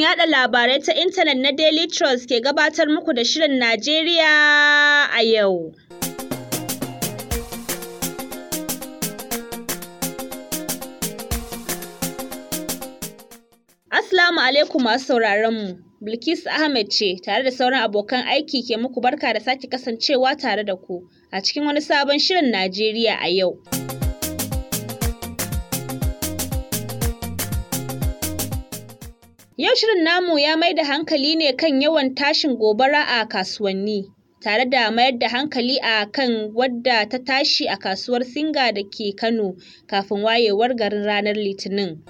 Sashen yada labarai ta intanet na Daily Trust ke gabatar muku da Shirin Najeriya a yau. Assalamu alaikum masu sauraron mu. Bilkisu Ahmed ce tare da sauran abokan aiki ke muku barka da sake kasancewa tare da ku a cikin wani sabon Shirin Najeriya a yau. yau shirin namu ya mai da hankali ne kan yawan tashin gobara a kasuwanni tare da mayar da hankali a kan wadda ta tashi a kasuwar singa da ke kano kafin wayewar garin ranar litinin.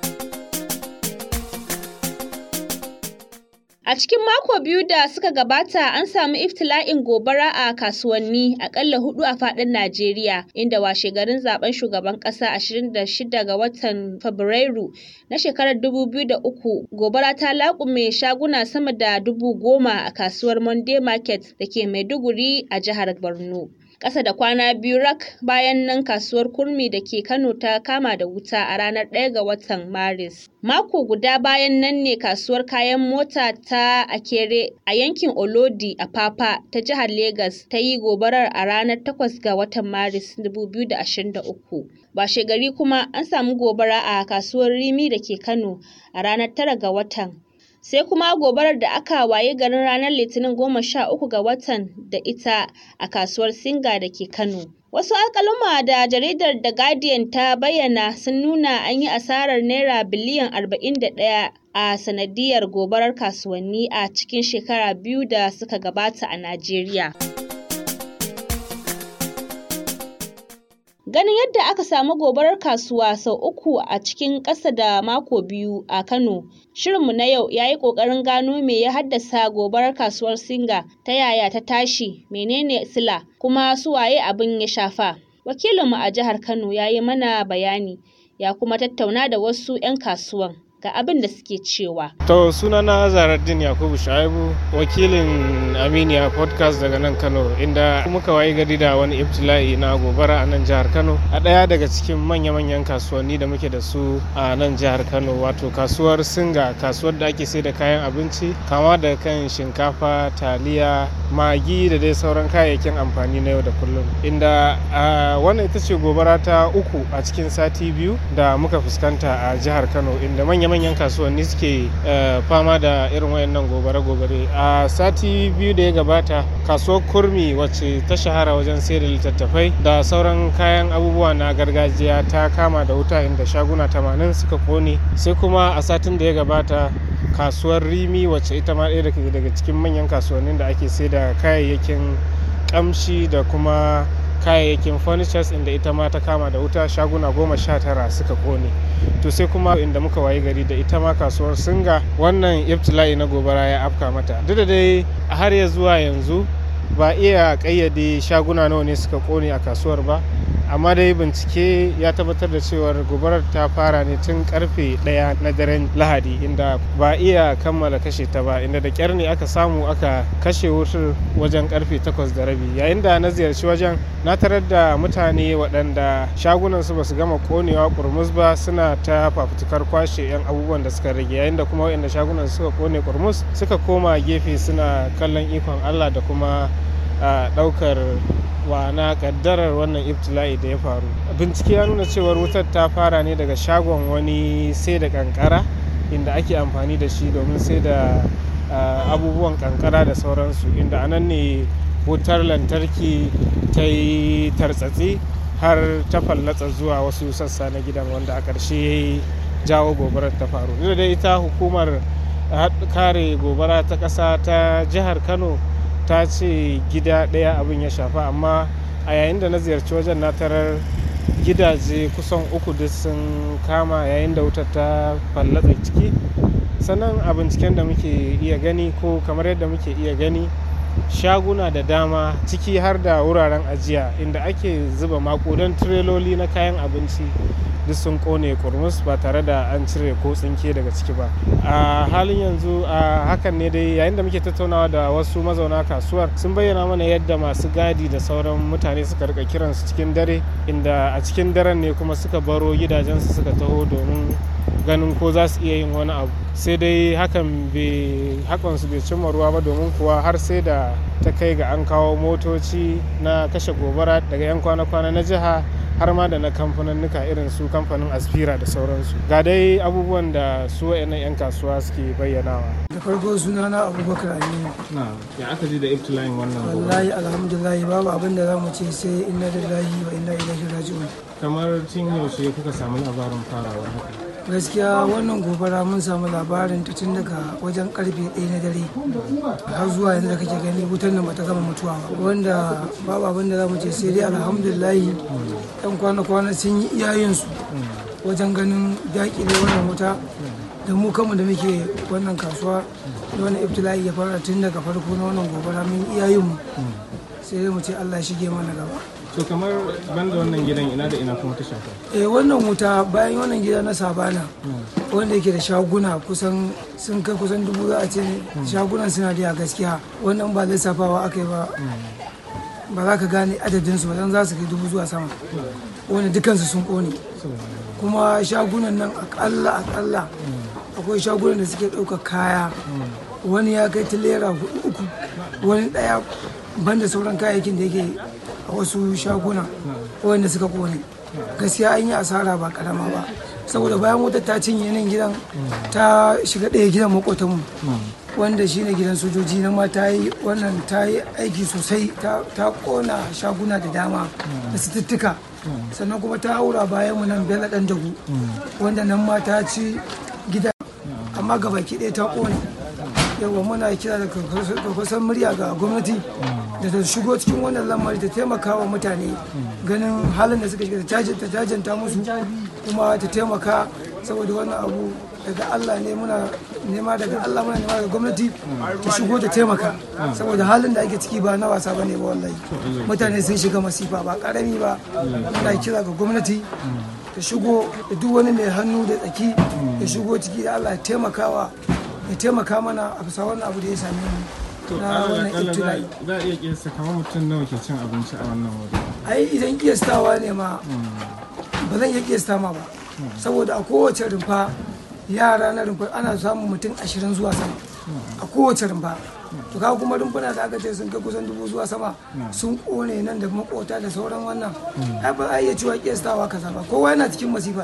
A cikin mako biyu da suka gabata an samu iftila'in gobara a kasuwanni akalla hudu a fadin Najeriya inda washegarin zaben shugaban kasa 26 ga watan Fabrairu na shekarar 2003 gobara ta laƙume shaguna sama da dubu goma a kasuwar Monday Market da ke Maiduguri a jihar Borno. ƙasa da kwana biyu rak bayan nan kasuwar kurmi da ke Kano ta kama da wuta a ranar 1 ga watan Maris. Mako guda bayan nan ne kasuwar kayan mota ta Akere a yankin Olodi a Papa ta jihar Legas ta yi gobarar a ranar 8 ga watan Maris 2023. ba gari kuma an samu gobara a kasuwar Rimi da ke Kano a ranar 9 ga watan sai kuma gobarar da aka waye garin ranar litinin goma sha uku ga watan da ita a kasuwar singa da ke kano wasu alkaluma da jaridar the guardian ta bayyana sun nuna an yi asarar naira biliyan arba'in da 41 a sanadiyar gobarar kasuwanni a cikin shekara biyu da suka gabata a najeriya Ganin yadda aka samu gobarar kasuwa sau uku a cikin ƙasa da mako biyu a Kano, shirinmu na yau ya yi ƙoƙarin gano me ya haddasa gobarar kasuwar Singa, ta yaya ta tashi, menene sila, kuma su waye abin ya shafa. Wakilinmu a jihar Kano ya yi mana bayani, ya kuma tattauna da wasu 'yan kasuwan. ga abin da suke cewa. To sunana Zaraddin Yakubu Shaibu wakilin Aminiya podcast daga nan Kano inda muka wayi gari da wani ibtila'i na gobara a nan jihar Kano a ɗaya daga cikin manya-manyan kasuwanni da muke da su a nan jihar Kano wato kasuwar Singa kasuwar da ake sai da kayan abinci kama da kan shinkafa taliya magi da dai sauran kayayyakin amfani na yau da kullum inda wannan ita ce gobara ta uku a cikin sati biyu da muka fuskanta a jihar Kano inda manya manyan kasuwanni suke eh, fama da irin wayannan gobare-gobare a sati biyu da ya gabata kasuwar kurmi wacce ta shahara wajen sayar da littattafai da sauran kayan abubuwa na gargajiya ta kama da wuta inda shaguna 80 suka kone sai kuma a satin da ya gabata kasuwar rimi wacce ita ma daya daga cikin manyan kasuwannin da ake sai da kayayyakin kamshi da kuma kayayyakin furnitures inda ita ma ta kama da wuta shaguna goma sha tara suka kone to sai kuma inda muka wayi gari da ita ma kasuwar singa wannan iftila'i na gobara ya afka mata duk da dai a har ya zuwa yanzu ba iya kayyade shaguna nawa ne suka kone a kasuwar ba amma dai bincike ya tabbatar da cewar gobarar ta fara ne tun karfe daya na daren lahadi inda ba iya kammala kashe ta ba inda da kyar ne aka samu aka kashe wutar wajen karfe takwas da rabi yayin da na ziyarci wajen na tarar da mutane waɗanda shagunan su basu gama konewa kurmus ba suna ta fafutukar kwashe yan abubuwan da suka rage yayin da kuma waɗanda shagunan suka kone kurmus suka koma gefe suna kallon ikon allah da kuma daukar. na kaddarar wannan iftila'i da ya faru bincike ya nuna cewar wutar ta fara ne daga shagon wani sai da kankara inda ake amfani da shi domin sai da abubuwan kankara da sauransu inda anan ne wutar lantarki ta yi tartsatsi har ta fallatsa zuwa wasu sassa na gidan wanda a ƙarshe ya yi jawo gobarar ta faru da ita hukumar kare gobara ta ƙasa ta jihar kano ta ce gida ɗaya abin ya shafa amma a yayin da na ziyarci wajen na tarar gidaje kusan uku duk sun kama yayin da wutar ta fallatsa ciki sannan a binciken da muke iya gani ko kamar yadda muke iya gani shaguna da dama ciki har da wuraren ajiya inda ake zuba makudan tireloli na kayan abinci duk sun kone kurmus ba tare da an cire ko tsinke daga ciki ba a halin yanzu a hakan ne dai yayin da muke tattaunawa da wasu mazauna kasuwar sun bayyana mana yadda masu gadi da sauran mutane suka rika kiransu cikin dare inda a cikin daren ne kuma suka baro gidajensu suka taho domin ganin ko za su iya yin wani abu sai dai hakan su bai cimma ruwa ba domin kuwa har sai da ta kai ga an kawo motoci na kashe gobara daga 'yan kwana-kwana na jiha har ma da na kamfaninnika irin su kamfanin aspira da sauransu ga dai abubuwan da su wa'annan 'yan kasuwa suke bayyanawa da farko suna na abubakar aliyu na ya aka ji da iftilayin wannan wallahi alhamdulillah babu abin da za mu ce sai inna lillahi wa inna ilaihi raji'un kamar tun yaushe kuka samu labarin farawa haka gaskiya wannan gobara mun samu labarin ta tun daga wajen karfe ɗaya na dare har zuwa yanzu da kake gani wutar nan bata gama mutuwa ba wanda babu abin da za mu ce sai dai alhamdulillahi yan kwana-kwana sun yi iyayensu wajen ganin dakile wannan wuta da mu kanmu da muke wannan kasuwa da wani iftila'i ya fara tun daga farko na wannan gobara mun mu sai dai mu ce allah shige mana gaba so kamar banda wannan gidan ina da ina kuma ta shafa eh wannan wuta bayan wannan gida na sabana wanda yake da shaguna kusan sun kai kusan dubu za a ce shagunan suna da gaskiya wannan ba lissafawa aka yi ba ba za ka gane adadin su ba dan za su kai dubu zuwa sama wanda dukansu sun kone kuma shagunan nan akalla akalla akwai shagunan da suke ɗauka kaya wani ya kai ta lera uku wani ɗaya banda sauran kayayyakin da yake a wasu shaguna wanda suka kone gaskiya an yi asara ba karama ba saboda bayan wutar ta cinye nan gidan ta shiga ɗaya gidan makotanmu wanda shine gidan sojoji na ma ta yi wannan ta yi aiki sosai ta kona shaguna da dama da sututtuka sannan kuma ta haura bayan mu nan bela dan dagu wanda nan ma ta ci gida amma gabaki ɗaya ta kone yawon muna kira da kakwasan murya ga gwamnati da ta shigo cikin wannan lamari ta taimaka wa mutane ganin halin da suka shiga ta jajanta musu kuma ta taimaka saboda wannan abu daga Allah ne muna nema daga Allah muna nema daga gwamnati ta shigo ta taimaka saboda halin da ake ciki ba na wasa ne ba wallahi mutane sun shiga masifa ba karami ba muna kira ga gwamnati ta shigo da duk wani mai hannu da tsaki ta shigo ciki da Allah taimakawa ya taimaka mana a bisa wannan abu da ya same mu na wannan ibtila'i za a iya kiyasta kamar mutum nawa ke cin abinci a wannan wuri ai idan kiyastawa ne ma hmm. ba zan iya kiyasta ma ba hmm. saboda a kowace rumfa yara na rumfa ana samun mutum ashirin zuwa sama hmm. a kowace rumfa to ka kuma rumfuna da aka ce sun kai kusan dubu zuwa sama sun kone nan da makota da sauran wannan ai ba a iya cewa kiyastawa kaza ba kowa yana cikin masifa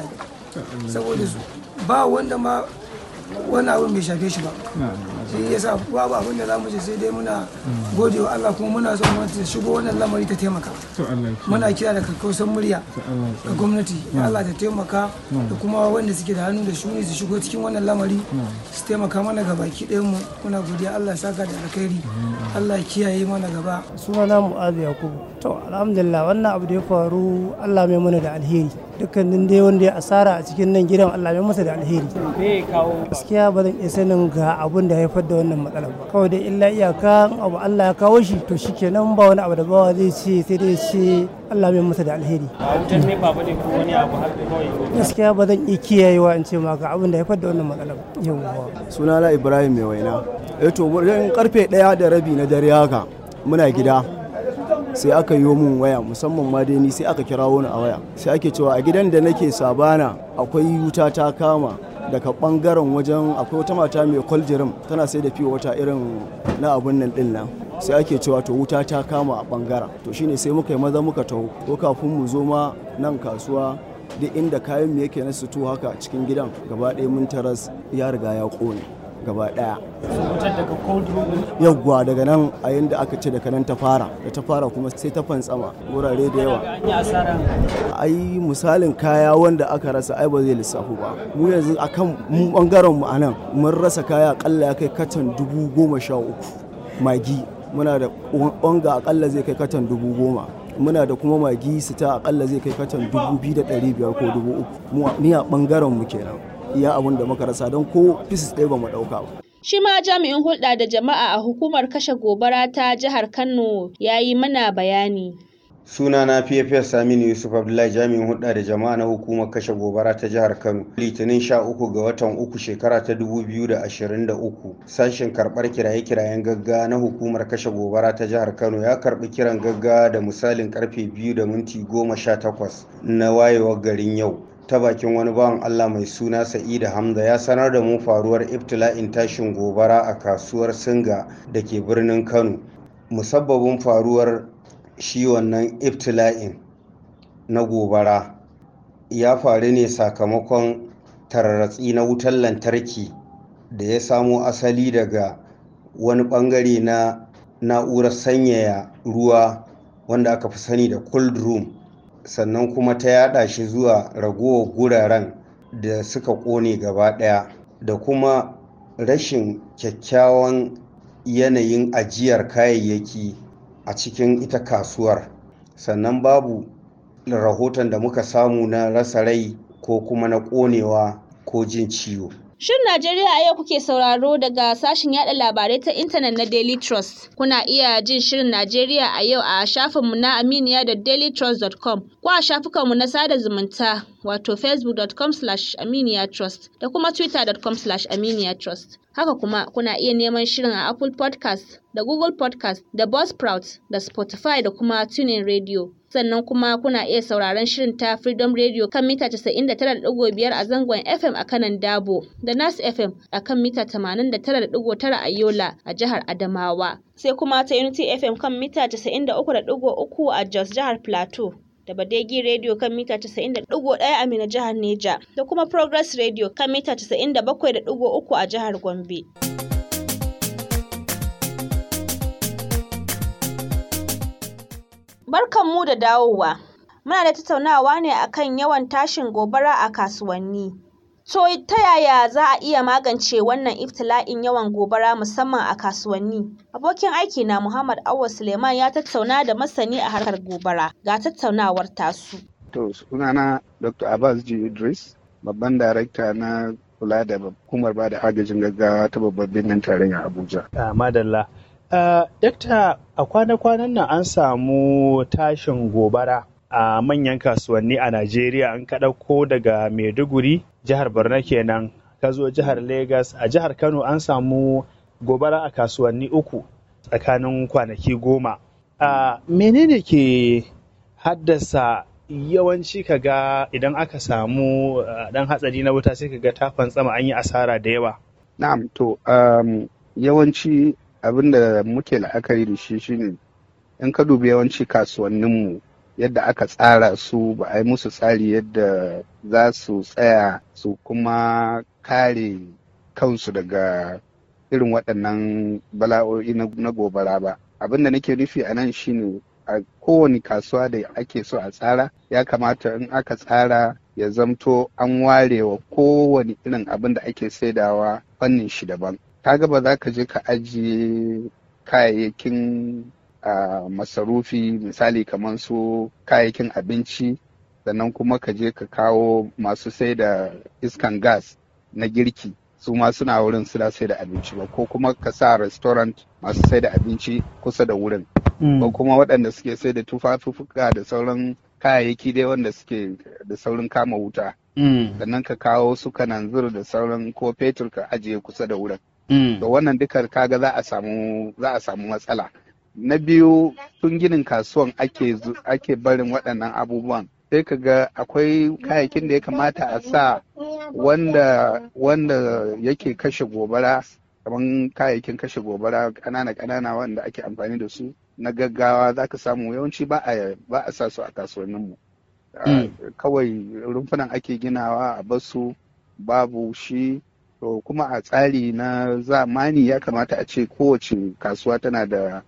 saboda su ba wanda ma wani abin bai shafe shi ba shi ya sa babu abin da za mu ce sai dai muna gode wa Allah kuma muna son gwamnati shigo wannan lamari ta taimaka muna kira da kakkausan murya ga gwamnati Allah ta taimaka da kuma wanda suke da hannu da shuni su shigo cikin wannan lamari su taimaka mana ga baki ɗayan mu muna godiya Allah saka da alkhairi Allah kiyaye mana gaba sunana mu'azu yakubu to alhamdulillah wannan abu da ya faru Allah mai mana da alheri dukkanin dai wanda ya asara a cikin nan gidan Allah ya masa da alheri gaskiya ba zan iya sanin ga abun da haifar da wannan matsalar ba kawai dai illa iyaka abu Allah ya kawo shi to shikenan ba wani abu da bawa zai ce sai dai ce Allah ya masa da alheri a wutar ne ba bane ko wani abu har kawai gaskiya ba zan iya kiyayewa in ce ma ga abun da haifar da wannan matsalar Suna sunana Ibrahim mai waina eh to karfe 1 da rabi na dare haka muna gida sai aka yi mun waya musamman ma dai ni sai aka kira wani a waya sai ake cewa a gidan da nake sabana akwai wuta ta kama daga bangaren wajen akwai wata mata mai kwaljirim tana sai da fiye wata irin na abun nan din nan sai ake cewa to wuta ta kama a bangaren to shine sai muka yi maza muka taho ko kafin mu zo ma nan kasuwa duk inda kayan mu yake na sutu haka cikin gidan gaba ɗaya mun taras ya riga ya ƙone gaba daya yawwa daga nan a yadda aka ce daga nan ta fara da ta fara kuma sai ta fantsama wurare da yawa ai misalin kaya wanda aka rasa ai ba zai lissafu ba mu yanzu akan mu bangaren mu anan mun rasa kaya akalla ya kai katon dubu goma sha uku magi muna da ƙwanga akalla zai kai katon dubu goma muna da kuma magi sita akalla zai kai katon dubu biyu da ɗari biyar ko dubu uku ni a bangaren mu kenan iya abin da muka rasa don ko fisis ɗaya ba mu ɗauka ba. Shi ma jami'in hulɗa da jama'a a hukumar kashe gobara ta jihar Kano ya yi mana bayani. suna na pfs saminu yusuf abdullahi jami'in hulɗa da jama'a na hukumar kashe gobara ta jihar kano litinin sha uku ga watan uku shekara ta dubu biyu da ashirin da uku sashen karɓar kiraye-kirayen gagga na hukumar kashe gobara ta jihar kano ya karɓi kiran gagga da misalin karfe biyu da minti goma sha takwas na wayewar garin yau ta bakin wani bawan Allah mai suna Sa'ida Hamza ya sanar da mu faruwar ibtila'in tashin gobara a kasuwar Singa da ke birnin Kano. Musabbabin faruwar shi wannan iftila'in na gobara ya faru ne sakamakon tararratsi na wutar lantarki da ya samo asali daga wani bangare na na'urar sanyaya ruwa wanda aka fi sani da cold room sannan kuma ta yada shi zuwa ragowar guraren da suka ƙone gaba ɗaya da kuma rashin kyakkyawan yanayin ajiyar kayayyaki a cikin ita kasuwar sannan babu rahoton da muka samu na rasa rai ko kuma na ƙonewa ko jin ciwo Shin Najeriya a yau kuke sauraro daga sashen yada labarai ta intanet na Daily Trust. Kuna iya jin Shirin Najeriya a yau a shafinmu na aminiya da dailytrust.com ko a shafukanmu na sada zumunta wato facebook.com slash aminiya trust da kuma twitter.com slash aminiya trust. Haka kuma kuna iya neman shirin a Apple podcast da Google podcast da Buzzsprout da Spotify da kuma TuneIn Radio. sannan kuma kuna iya sauraron shirin ta Freedom Radio kan mita 99.5 a zangon FM a kanan Dabo da Nas FM a kan mita 89.9 a Yola a jihar Adamawa. Sai kuma ta Unity FM kan mita 93.3 a Jos jihar Plateau. da Badegi Radio kan mita 91.1 a Mina jihar Neja da kuma Progress Radio kan mita 97.3 a jihar Gombe. barkan mu da dawowa. Muna da tattaunawa ne akan yawan tashin gobara a kasuwanni. To ta yaya za a iya magance wannan iftila'in yawan gobara musamman a kasuwanni? Abokin aiki na Muhammad Awa Suleiman ya tattauna da masani a harkar gobara. Ga tattaunawar tasu. To sunana Dr. Abbas G. Idris, babban darakta na kula da hukumar ba da agajin gaggawa ta babban birnin tarayya Abuja. Ah, madalla. Uh, dakta a kwana-kwanan nan an samu tashin gobara a manyan kasuwanni a Najeriya an kaɗauko daga Maiduguri jihar Borno kenan ka zo jihar Legas a jihar Kano an samu gobara a kasuwanni uku tsakanin kwanaki goma. Uh, menene ke haddasa yawanci kaga idan aka samu uh, ɗan hatsari na wuta sai kaga tafan tsama an yi asara da yawa? Na'am to um, yawanci abin da muke la'akari da shi shine in ka dubi yawanci kasuwanninmu yadda aka tsara su ba a yi musu tsari yadda za su tsaya su kuma kare kansu daga irin waɗannan bala'o'i na gobara ba abin da nake nufi a nan shine a kowane kasuwa da ake so a tsara ya kamata in aka tsara ya zamto an ware wa kowane irin abin da ake saidawa fannin shi daban kaga ba za ka je ka ajiye kayayyakin masarufi misali kamar su kayayyakin abinci sannan kuma ka je ka kawo masu sai da iskan gas na girki su ma suna wurin suna sai da abinci ba ko kuma ka sa restaurant masu sai da abinci kusa da wurin Ba mm. kuma waɗanda suke sai da tufafuka da sauran kayayyaki dai wanda suke da saurin kama wuta mm. sannan ka kawo su kananzir da sauran ko fetur ka ajiye kusa da wurin da mm. wannan duka kaga za a samu matsala na biyu tun ginin kasuwan ake barin waɗannan abubuwan sai ka ga akwai kayayyakin da ya kamata a sa wanda yake kashe gobara kamar kayayyakin kashe gobara ƙanana ƙanana wanda ake amfani da su na gaggawa za ka samu yawanci ba a ba a sa su a kasuwanninmu mm. kawai rumfunan ake ginawa a basu babu shi to kuma a tsari na zamani ya kamata a ce kowace kasuwa tana da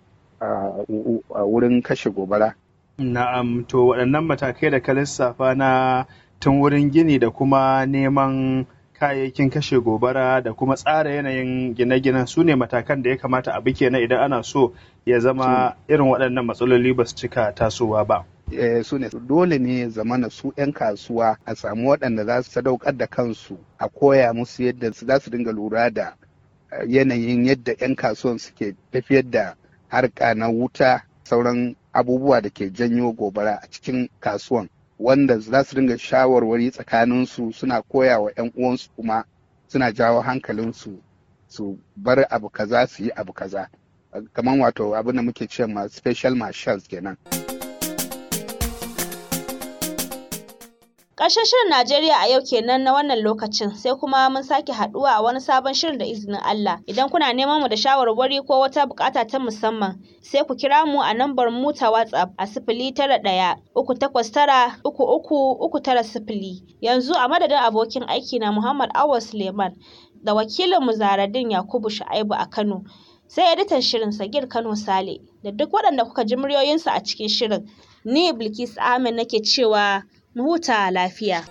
wurin kashe gobara na'am to waɗannan matakai da ka lissafa na tun wurin gini da kuma neman kayayyakin kashe gobara da kuma tsara yanayin gine-ginen su ne matakan da ya kamata a bi kenan idan ana so ya zama irin waɗannan matsaloli ba su cika tasowa ba. Eh, su ne dole ne zamana su 'yan kasuwa a samu waɗanda za su sadaukar da kansu a koya musu yadda su za su dinga lura da eh, yanayin yadda 'yan kasuwan suke tafiyar da harka na wuta sauran abubuwa da ke janyo gobara a cikin kasuwan wanda za su dinga shawarwari tsakaninsu suna koya wa 'yan uwansu kuma suna jawo hankalinsu su bar abu kaza su yi abu kaza kamar wato abin da muke ce ma special marshals kenan. Ƙarshen shirin Najeriya a yau kenan na wannan lokacin sai kuma mun sake haɗuwa a wani sabon shirin da izinin Allah. Idan kuna neman mu da shawarwari ko wata buƙata ta musamman sai ku kira mu a lambar mu ta WhatsApp a sifili tara ɗaya uku takwas tara uku uku uku tara sifili. Yanzu a madadin abokin aiki na Muhammad Awal Suleiman da wakilin mu Zaradin Yakubu Shu'aibu a Kano. Sai editan shirin Sagir Kano Sale da duk waɗanda kuka ji muryoyinsu a cikin shirin. Ni Bilkis Ahmed nake cewa muerta la lafiya.